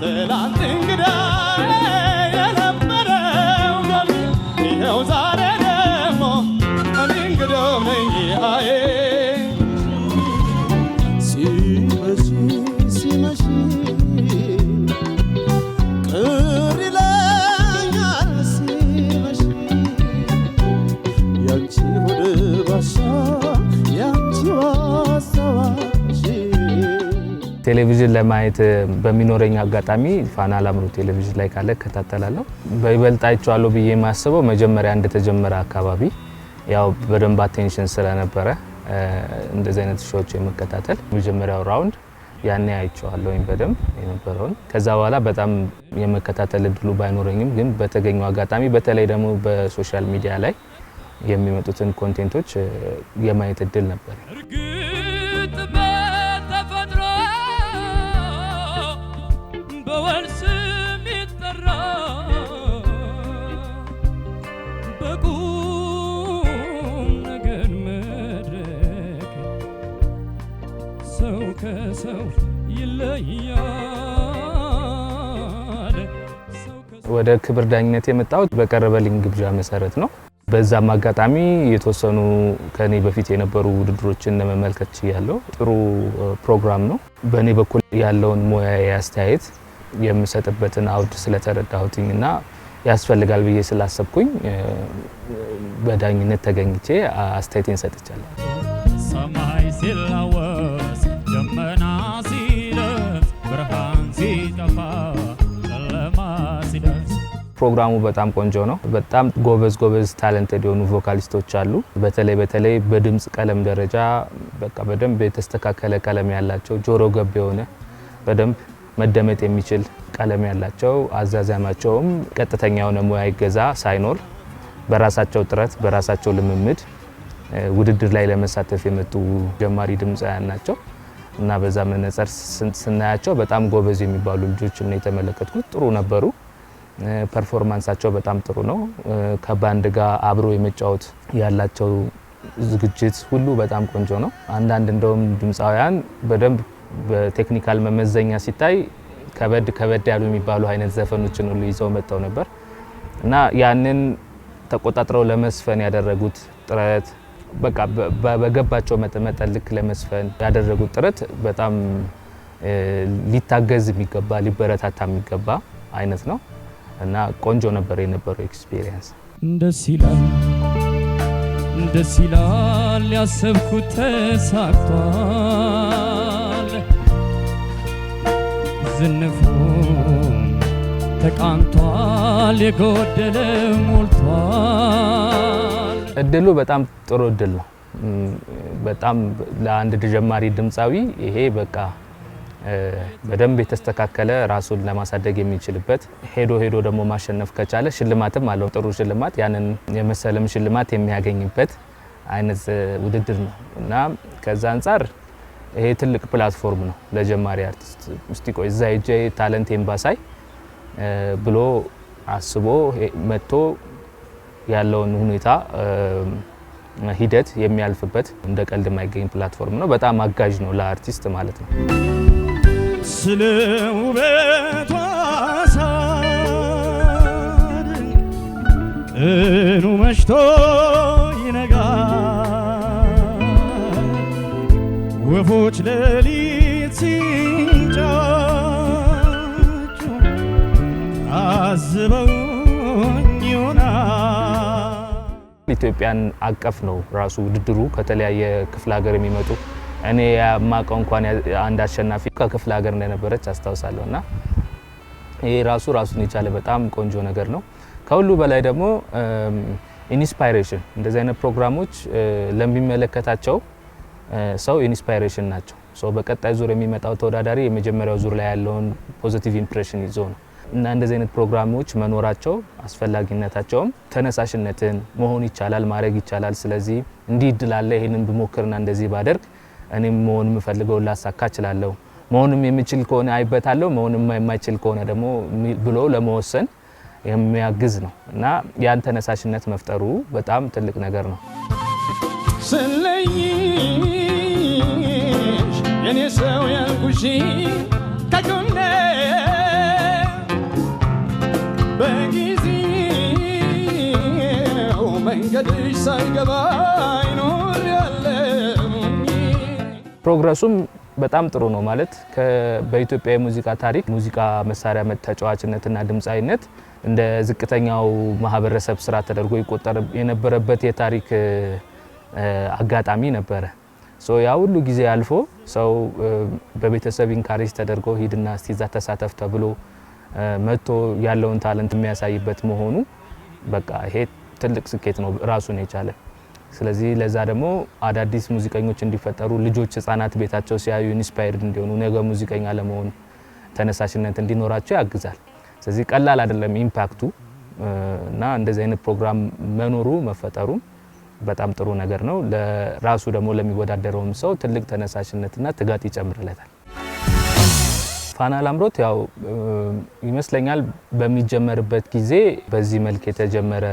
ትላንት እንግዳ ቴሌቪዥን ለማየት በሚኖረኝ አጋጣሚ ፋና ላምሮት ቴሌቪዥን ላይ ካለ እከታተላለሁ። በይበልጥ አይቼዋለሁ ብዬ የማስበው መጀመሪያ እንደተጀመረ አካባቢ ያው በደንብ አቴንሽን ስለነበረ እንደዚህ አይነት ሾዎች የመከታተል መጀመሪያው ራውንድ ያኔ አይቼዋለሁኝ በደንብ የነበረውን። ከዛ በኋላ በጣም የመከታተል እድሉ ባይኖረኝም ግን በተገኙ አጋጣሚ በተለይ ደግሞ በሶሻል ሚዲያ ላይ የሚመጡትን ኮንቴንቶች የማየት እድል ነበር። ወደ ክብር ዳኝነት የመጣሁት በቀረበልኝ ግብዣ መሰረት ነው። በዛም አጋጣሚ የተወሰኑ ከኔ በፊት የነበሩ ውድድሮችን ለመመልከት ያለው ጥሩ ፕሮግራም ነው። በእኔ በኩል ያለውን ሙያ አስተያየት የምሰጥበትን አውድ ስለተረዳሁትኝ እና ያስፈልጋል ብዬ ስላሰብኩኝ በዳኝነት ተገኝቼ አስተያየቴን ሰጥቻለሁ። ፕሮግራሙ በጣም ቆንጆ ነው። በጣም ጎበዝ ጎበዝ ታለንተድ የሆኑ ቮካሊስቶች አሉ። በተለይ በተለይ በድምፅ ቀለም ደረጃ በቃ በደንብ የተስተካከለ ቀለም ያላቸው ጆሮ ገብ የሆነ በደንብ መደመጥ የሚችል ቀለም ያላቸው አዛዛማቸውም ቀጥተኛ የሆነ ሙያ ይገዛ ሳይኖር በራሳቸው ጥረት በራሳቸው ልምምድ ውድድር ላይ ለመሳተፍ የመጡ ጀማሪ ድምፃውያን ናቸው እና በዛ መነጽር ስናያቸው በጣም ጎበዝ የሚባሉ ልጆች ነው የተመለከትኩት። ጥሩ ነበሩ። ፐርፎርማንሳቸው በጣም ጥሩ ነው። ከባንድ ጋር አብሮ የመጫወት ያላቸው ዝግጅት ሁሉ በጣም ቆንጆ ነው። አንዳንድ እንደውም ድምፃውያን በደንብ በቴክኒካል መመዘኛ ሲታይ ከበድ ከበድ ያሉ የሚባሉ አይነት ዘፈኖችን ሁሉ ይዘው መጥተው ነበር እና ያንን ተቆጣጥረው ለመስፈን ያደረጉት ጥረት በቃ በገባቸው መጠን ልክ ለመስፈን ያደረጉት ጥረት በጣም ሊታገዝ የሚገባ ሊበረታታ የሚገባ አይነት ነው። እና ቆንጆ ነበር የነበረው ኤክስፒሪየንስ። ደስ ይላል ደስ ይላል፣ ያሰብኩት ተሳክቷል። ዝንፉ ተቃንቷል፣ የጎደለ ሞልቷል። እድሉ በጣም ጥሩ እድል ነው። በጣም ለአንድ ተጀማሪ ድምፃዊ ይሄ በቃ በደንብ የተስተካከለ ራሱን ለማሳደግ የሚችልበት ሄዶ ሄዶ ደግሞ ማሸነፍ ከቻለ ሽልማትም አለው ጥሩ ሽልማት ያንን የመሰለም ሽልማት የሚያገኝበት አይነት ውድድር ነው እና ከዛ አንጻር ይሄ ትልቅ ፕላትፎርም ነው ለጀማሪ አርቲስት ውስጥ ቆይ እዛ ሄጄ ታለንት ኤምባሳይ ብሎ አስቦ መጥቶ ያለውን ሁኔታ ሂደት የሚያልፍበት እንደ ቀልድ የማይገኝ ፕላትፎርም ነው። በጣም አጋዥ ነው ለአርቲስት ማለት ነው። ስለ ውበቷ ሳደንቅ እኑ መሽቶ ይነጋል ወፎች ሌሊት ሲንጫጩ ታዝበውኝ ይሆናል። ኢትዮጵያን አቀፍ ነው ራሱ ውድድሩ ከተለያየ ክፍለ ሀገር የሚመጡ እኔ የማውቀው እንኳን አንድ አሸናፊ ከክፍለ ሀገር እንደነበረች አስታውሳለሁ። እና ይህ ራሱ ራሱን የቻለ በጣም ቆንጆ ነገር ነው። ከሁሉ በላይ ደግሞ ኢንስፓይሬሽን፣ እንደዚህ አይነት ፕሮግራሞች ለሚመለከታቸው ሰው ኢንስፓይሬሽን ናቸው። በቀጣይ ዙር የሚመጣው ተወዳዳሪ የመጀመሪያው ዙር ላይ ያለውን ፖዚቲቭ ኢምፕሬሽን ይዞ ነው እና እንደዚህ አይነት ፕሮግራሞች መኖራቸው አስፈላጊነታቸውም ተነሳሽነትን መሆን ይቻላል፣ ማድረግ ይቻላል። ስለዚህ እንዲህ እድል አለ፣ ይህንን ብሞክርና እንደዚህ ባደርግ እኔም መሆን የምፈልገው ላሳካ እችላለሁ። መሆንም የሚችል ከሆነ አይበታለሁ፣ መሆንም የማይችል ከሆነ ደግሞ ብሎ ለመወሰን የሚያግዝ ነው እና ያን ተነሳሽነት መፍጠሩ በጣም ትልቅ ነገር ነው። ስለይሽ የኔ ሰው ያልኩሽ ከጎኔ በጊዜው መንገድሽ ሳይገባ ፕሮግረሱም በጣም ጥሩ ነው ማለት በኢትዮጵያ የሙዚቃ ታሪክ ሙዚቃ መሳሪያ ተጫዋችነትና ድምፃዊነት እንደ ዝቅተኛው ማህበረሰብ ስራ ተደርጎ ይቆጠር የነበረበት የታሪክ አጋጣሚ ነበረ። ያ ሁሉ ጊዜ አልፎ ሰው በቤተሰብ ኢንካሬጅ ተደርጎ ሂድና እስቲ ተሳተፍ ተብሎ መጥቶ ያለውን ታለንት የሚያሳይበት መሆኑ በቃ ይሄ ትልቅ ስኬት ነው ራሱን የቻለ። ስለዚህ ለዛ ደግሞ አዳዲስ ሙዚቀኞች እንዲፈጠሩ ልጆች፣ ህጻናት ቤታቸው ሲያዩ ኢንስፓየርድ እንዲሆኑ ነገ ሙዚቀኛ ለመሆን ተነሳሽነት እንዲኖራቸው ያግዛል። ስለዚህ ቀላል አይደለም ኢምፓክቱ እና እንደዚህ አይነት ፕሮግራም መኖሩ መፈጠሩ በጣም ጥሩ ነገር ነው። ለራሱ ደግሞ ለሚወዳደረውም ሰው ትልቅ ተነሳሽነትና ትጋት ይጨምርለታል። ፋና ላምሮት ያው ይመስለኛል በሚጀመርበት ጊዜ በዚህ መልክ የተጀመረ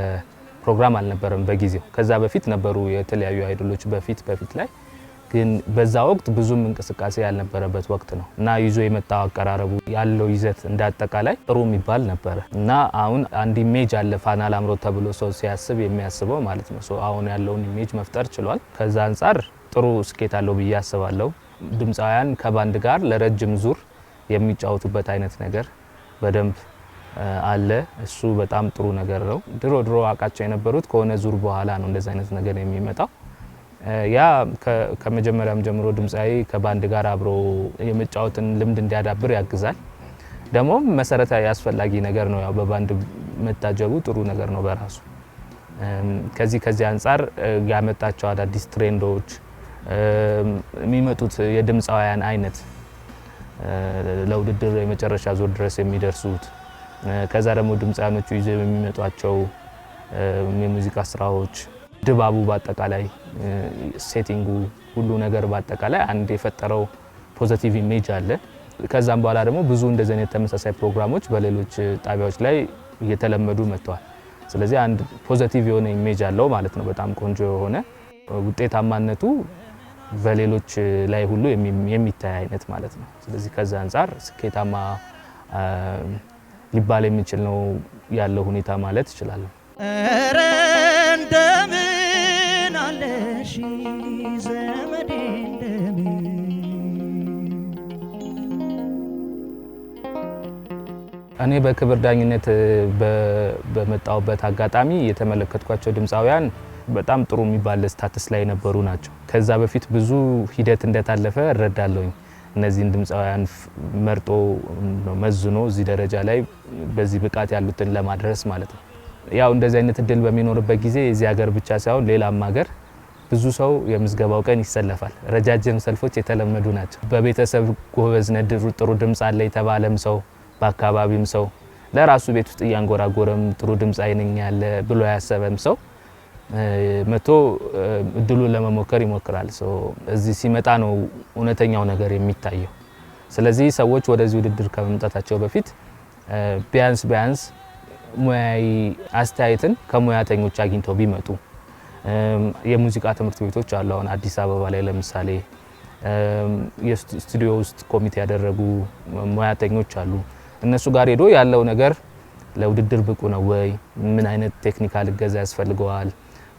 ፕሮግራም አልነበረም በጊዜው። ከዛ በፊት ነበሩ የተለያዩ አይዶሎች በፊት በፊት ላይ ግን በዛ ወቅት ብዙም እንቅስቃሴ ያልነበረበት ወቅት ነው እና ይዞ የመጣው አቀራረቡ ያለው ይዘት እንዳጠቃላይ ጥሩ የሚባል ነበረ እና አሁን አንድ ኢሜጅ አለ ፋና ላምሮት ተብሎ ሰው ሲያስብ የሚያስበው ማለት ነው። አሁን ያለውን ኢሜጅ መፍጠር ችሏል። ከዛ አንጻር ጥሩ ስኬት አለው ብዬ አስባለሁ። ድምፃውያን ከባንድ ጋር ለረጅም ዙር የሚጫወቱበት አይነት ነገር በደንብ አለ። እሱ በጣም ጥሩ ነገር ነው። ድሮ ድሮ አውቃቸው የነበሩት ከሆነ ዙር በኋላ ነው እንደዚህ አይነት ነገር የሚመጣው። ያ ከመጀመሪያም ጀምሮ ድምፃዊ ከባንድ ጋር አብሮ የመጫወትን ልምድ እንዲያዳብር ያግዛል። ደግሞም መሰረታዊ አስፈላጊ ነገር ነው። ያው በባንድ መታጀቡ ጥሩ ነገር ነው በራሱ። ከዚህ ከዚህ አንጻር ያመጣቸው አዳዲስ ትሬንዶች የሚመጡት የድምፃውያን አይነት ለውድድር የመጨረሻ ዙር ድረስ የሚደርሱት ከዛ ደግሞ ድምፃያኖቹ ይዘው የሚመጧቸው የሙዚቃ ስራዎች፣ ድባቡ በአጠቃላይ ሴቲንጉ፣ ሁሉ ነገር በአጠቃላይ አንድ የፈጠረው ፖዘቲቭ ኢሜጅ አለ። ከዛም በኋላ ደግሞ ብዙ እንደዚህ አይነት ተመሳሳይ ፕሮግራሞች በሌሎች ጣቢያዎች ላይ እየተለመዱ መጥተዋል። ስለዚህ አንድ ፖዘቲቭ የሆነ ኢሜጅ አለው ማለት ነው። በጣም ቆንጆ የሆነ ውጤታማነቱ በሌሎች ላይ ሁሉ የሚታይ አይነት ማለት ነው። ስለዚህ ከዛ አንጻር ስኬታማ ሊባል የሚችል ነው ያለው ሁኔታ ማለት እችላለሁ። ኧረ እንደምን አለሽ ዘመዴ፣ እንደምን እኔ በክብር ዳኝነት በመጣሁበት አጋጣሚ የተመለከትኳቸው ድምፃውያን በጣም ጥሩ የሚባል ስታትስ ላይ የነበሩ ናቸው። ከዛ በፊት ብዙ ሂደት እንደታለፈ እረዳለሁኝ። እነዚህን ድምፃውያን መርጦ መዝኖ እዚህ ደረጃ ላይ በዚህ ብቃት ያሉትን ለማድረስ ማለት ነው። ያው እንደዚህ አይነት እድል በሚኖርበት ጊዜ የዚህ ሀገር ብቻ ሳይሆን ሌላም ሀገር ብዙ ሰው የምዝገባው ቀን ይሰለፋል። ረጃጅም ሰልፎች የተለመዱ ናቸው። በቤተሰብ ጎበዝ ጎበዝነ ጥሩ ድምፅ አለ የተባለም ሰው በአካባቢም ሰው ለራሱ ቤት ውስጥ እያንጎራጎረም ጥሩ ድምፅ አይነኝ ያለ ብሎ ያሰበም ሰው መቶ እድሉን ለመሞከር ይሞክራል። እዚህ ሲመጣ ነው እውነተኛው ነገር የሚታየው። ስለዚህ ሰዎች ወደዚህ ውድድር ከመምጣታቸው በፊት ቢያንስ ቢያንስ ሙያዊ አስተያየትን ከሙያተኞች አግኝተው ቢመጡ የሙዚቃ ትምህርት ቤቶች አሉ። አሁን አዲስ አበባ ላይ ለምሳሌ የስቱዲዮ ውስጥ ኮሚቴ ያደረጉ ሙያተኞች አሉ። እነሱ ጋር ሄዶ ያለው ነገር ለውድድር ብቁ ነው ወይ? ምን አይነት ቴክኒካል እገዛ ያስፈልገዋል?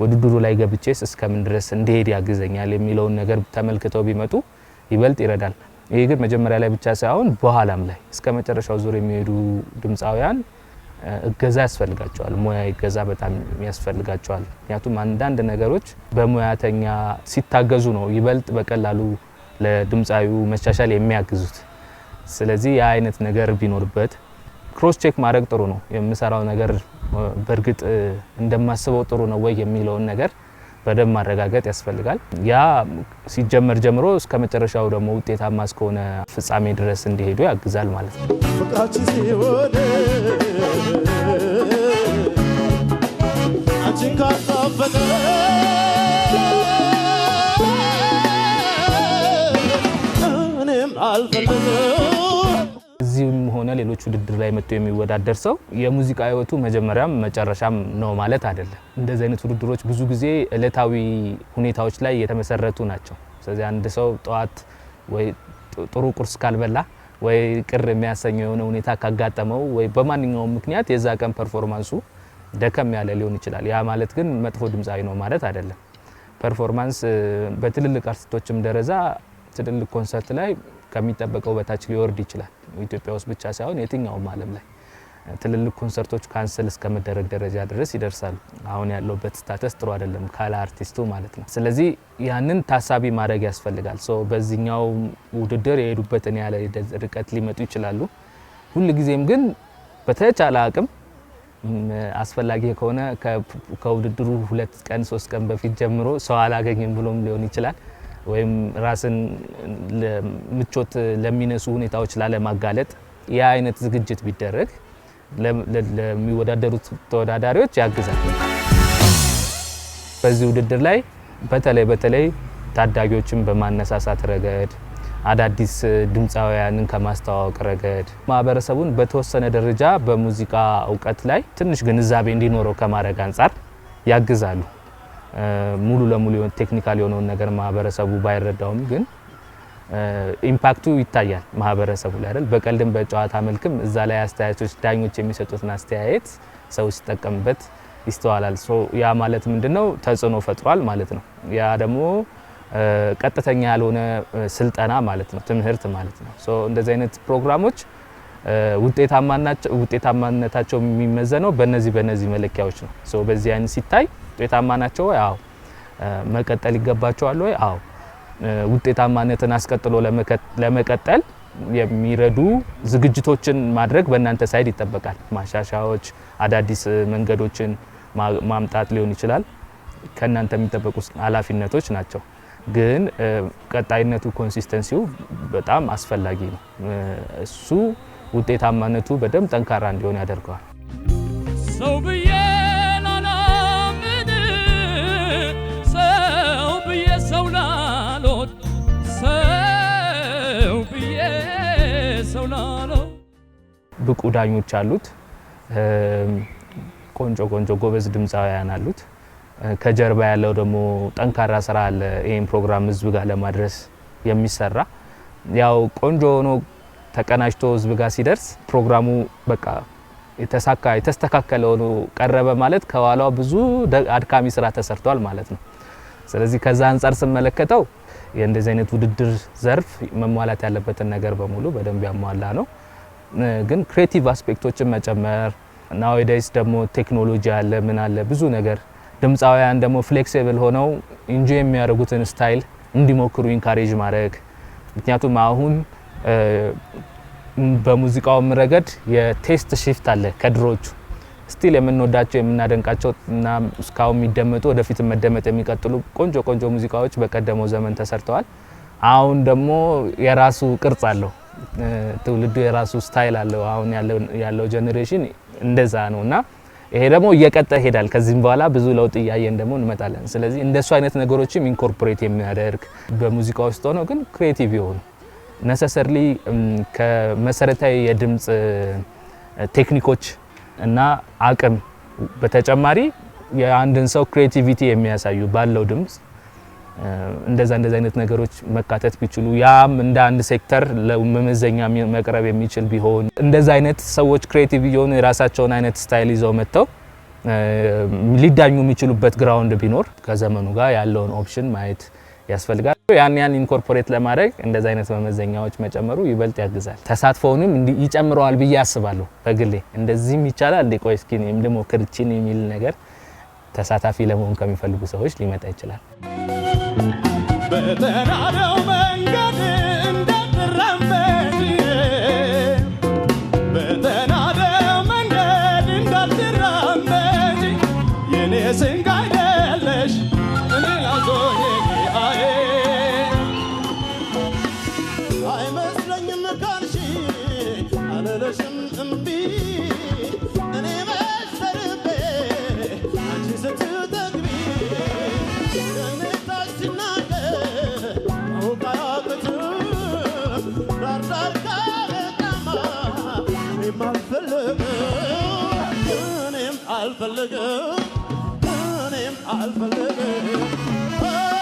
ውድድሩ ላይ ገብቼስ እስከምን ድረስ እንዲሄድ ያግዘኛል የሚለውን ነገር ተመልክተው ቢመጡ ይበልጥ ይረዳል። ይሄ ግን መጀመሪያ ላይ ብቻ ሳይሆን በኋላም ላይ እስከ መጨረሻው ዙር የሚሄዱ ድምፃውያን እገዛ ያስፈልጋቸዋል። ሙያ እገዛ በጣም ያስፈልጋቸዋል። ምክንያቱም አንዳንድ ነገሮች በሙያተኛ ሲታገዙ ነው ይበልጥ በቀላሉ ለድምፃዊው መሻሻል የሚያግዙት። ስለዚህ ያ አይነት ነገር ቢኖርበት ክሮስ ቼክ ማድረግ ጥሩ ነው። የምሰራው ነገር በእርግጥ እንደማስበው ጥሩ ነው ወይ የሚለውን ነገር በደንብ ማረጋገጥ ያስፈልጋል። ያ ሲጀመር ጀምሮ እስከ መጨረሻው ደግሞ ውጤታማ እስከሆነ ፍጻሜ ድረስ እንዲሄዱ ያግዛል ማለት ነው። እኔም አልፈልግም ሌሎች ውድድር ላይ መጥቶ የሚወዳደር ሰው የሙዚቃ ህይወቱ መጀመሪያም መጨረሻም ነው ማለት አይደለም። እንደዚህ አይነት ውድድሮች ብዙ ጊዜ እለታዊ ሁኔታዎች ላይ የተመሰረቱ ናቸው። ስለዚህ አንድ ሰው ጠዋት ወይ ጥሩ ቁርስ ካልበላ ወይ ቅር የሚያሰኘው የሆነ ሁኔታ ካጋጠመው ወይ በማንኛውም ምክንያት የዛ ቀን ፐርፎርማንሱ ደከም ያለ ሊሆን ይችላል። ያ ማለት ግን መጥፎ ድምፃዊ ነው ማለት አይደለም። ፐርፎርማንስ በትልልቅ አርቲስቶችም ደረጃ ትልልቅ ኮንሰርት ላይ ከሚጠበቀው በታች ሊወርድ ይችላል። ኢትዮጵያ ውስጥ ብቻ ሳይሆን የትኛውም ዓለም ላይ ትልልቅ ኮንሰርቶች ካንስል እስከመደረግ ደረጃ ድረስ ይደርሳሉ። አሁን ያለውበት ስታተስ ጥሩ አይደለም ካለ አርቲስቱ ማለት ነው። ስለዚህ ያንን ታሳቢ ማድረግ ያስፈልጋል። ሶ በዚህኛው ውድድር የሄዱበትን ያለ ርቀት ሊመጡ ይችላሉ። ጊዜም ግን በተቻለ አቅም አስፈላጊ ከሆነ ከውድድሩ ሁለት ቀን ሶስት ቀን በፊት ጀምሮ ሰው አላገኝም ብሎም ሊሆን ይችላል ወይም ራስን ምቾት ለሚነሱ ሁኔታዎች ላለማጋለጥ ያ አይነት ዝግጅት ቢደረግ ለሚወዳደሩት ተወዳዳሪዎች ያግዛል። በዚህ ውድድር ላይ በተለይ በተለይ ታዳጊዎችን በማነሳሳት ረገድ አዳዲስ ድምፃውያንን ከማስተዋወቅ ረገድ ማህበረሰቡን በተወሰነ ደረጃ በሙዚቃ እውቀት ላይ ትንሽ ግንዛቤ እንዲኖረው ከማድረግ አንጻር ያግዛሉ። ሙሉ ለሙሉ ቴክኒካል የሆነውን ነገር ማህበረሰቡ ባይረዳውም ግን ኢምፓክቱ ይታያል ማህበረሰቡ ላይ አይደል። በቀልድም በጨዋታ መልክም እዛ ላይ አስተያየቶች፣ ዳኞች የሚሰጡትን አስተያየት ሰው ሲጠቀምበት ይስተዋላል። ያ ማለት ምንድነው ተጽዕኖ ፈጥሯል ማለት ነው። ያ ደግሞ ቀጥተኛ ያልሆነ ስልጠና ማለት ነው፣ ትምህርት ማለት ነው። እንደዚህ አይነት ፕሮግራሞች ውጤታማነታቸው የሚመዘነው በነዚህ በነዚህ መለኪያዎች ነው። በዚህ አይነት ሲታይ ውጤታማ ናቸው ወይ? አዎ። መቀጠል ይገባቸዋል ወይ? አዎ። ውጤታማነትን አስቀጥሎ ለመቀጠል የሚረዱ ዝግጅቶችን ማድረግ በእናንተ ሳይድ ይጠበቃል። ማሻሻዎች፣ አዳዲስ መንገዶችን ማምጣት ሊሆን ይችላል። ከእናንተ የሚጠበቁ ኃላፊነቶች ናቸው። ግን ቀጣይነቱ ኮንሲስተንሲው በጣም አስፈላጊ ነው። እሱ ውጤታማነቱ በደንብ ጠንካራ እንዲሆን ያደርገዋል። ብቁ ዳኞች አሉት። ቆንጆ ቆንጆ ጎበዝ ድምፃውያን አሉት። ከጀርባ ያለው ደግሞ ጠንካራ ስራ አለ። ይህን ፕሮግራም ህዝብ ጋር ለማድረስ የሚሰራ ያው ቆንጆ ሆኖ ተቀናጅቶ ህዝብ ጋር ሲደርስ ፕሮግራሙ በቃ የተሳካ የተስተካከለ ሆኖ ቀረበ ማለት ከኋላ ብዙ አድካሚ ስራ ተሰርቷል ማለት ነው። ስለዚህ ከዛ አንጻር ስመለከተው የእንደዚህ አይነት ውድድር ዘርፍ መሟላት ያለበትን ነገር በሙሉ በደንብ ያሟላ ነው። ግን ክሬቲቭ አስፔክቶችን መጨመር ናዌዴይስ ደግሞ ቴክኖሎጂ አለ ምን አለ ብዙ ነገር ድምፃውያን ደግሞ ፍሌክሲብል ሆነው እንጆ የሚያደርጉትን ስታይል እንዲሞክሩ ኢንካሬጅ ማድረግ ምክንያቱም አሁን በሙዚቃውም ረገድ የቴስት ሽፍት አለ ከድሮቹ ስቲል የምንወዳቸው የምናደንቃቸው እና እስካሁን የሚደመጡ ወደፊት መደመጥ የሚቀጥሉ ቆንጆ ቆንጆ ሙዚቃዎች በቀደመው ዘመን ተሰርተዋል። አሁን ደግሞ የራሱ ቅርጽ አለው። ትውልዱ የራሱ ስታይል አለው። አሁን ያለው ጀኔሬሽን እንደዛ ነው እና ይሄ ደግሞ እየቀጠ ይሄዳል። ከዚህም በኋላ ብዙ ለውጥ እያየን ደግሞ እንመጣለን። ስለዚህ እንደሱ አይነት ነገሮችም ኢንኮርፖሬት የሚያደርግ በሙዚቃ ውስጥ ሆነው ግን ክሬቲቭ የሆኑ ነሰሰርሊ ከመሰረታዊ የድምፅ ቴክኒኮች እና አቅም በተጨማሪ የአንድን ሰው ክሬቲቪቲ የሚያሳዩ ባለው ድምፅ እንደዛ እንደዛ አይነት ነገሮች መካተት ቢችሉ ያም እንደ አንድ ሴክተር ለመመዘኛ መቅረብ የሚችል ቢሆን እንደዛ አይነት ሰዎች ክሬቲቭ የሆኑ የራሳቸውን አይነት ስታይል ይዘው መጥተው ሊዳኙ የሚችሉበት ግራውንድ ቢኖር ከዘመኑ ጋር ያለውን ኦፕሽን ማየት ያስፈልጋል። ያን ያን ኢንኮርፖሬት ለማድረግ እንደዚ አይነት መመዘኛዎች መጨመሩ ይበልጥ ያግዛል። ተሳትፎውንም ይጨምረዋል ብዬ አስባለሁ። በግሌ እንደዚህም ይቻላል ቆይ እስኪ እኔም ልሞክር የሚል ነገር ተሳታፊ ለመሆን ከሚፈልጉ ሰዎች ሊመጣ ይችላል። በተናደው አልፈልግም ከኔም አልፈልግም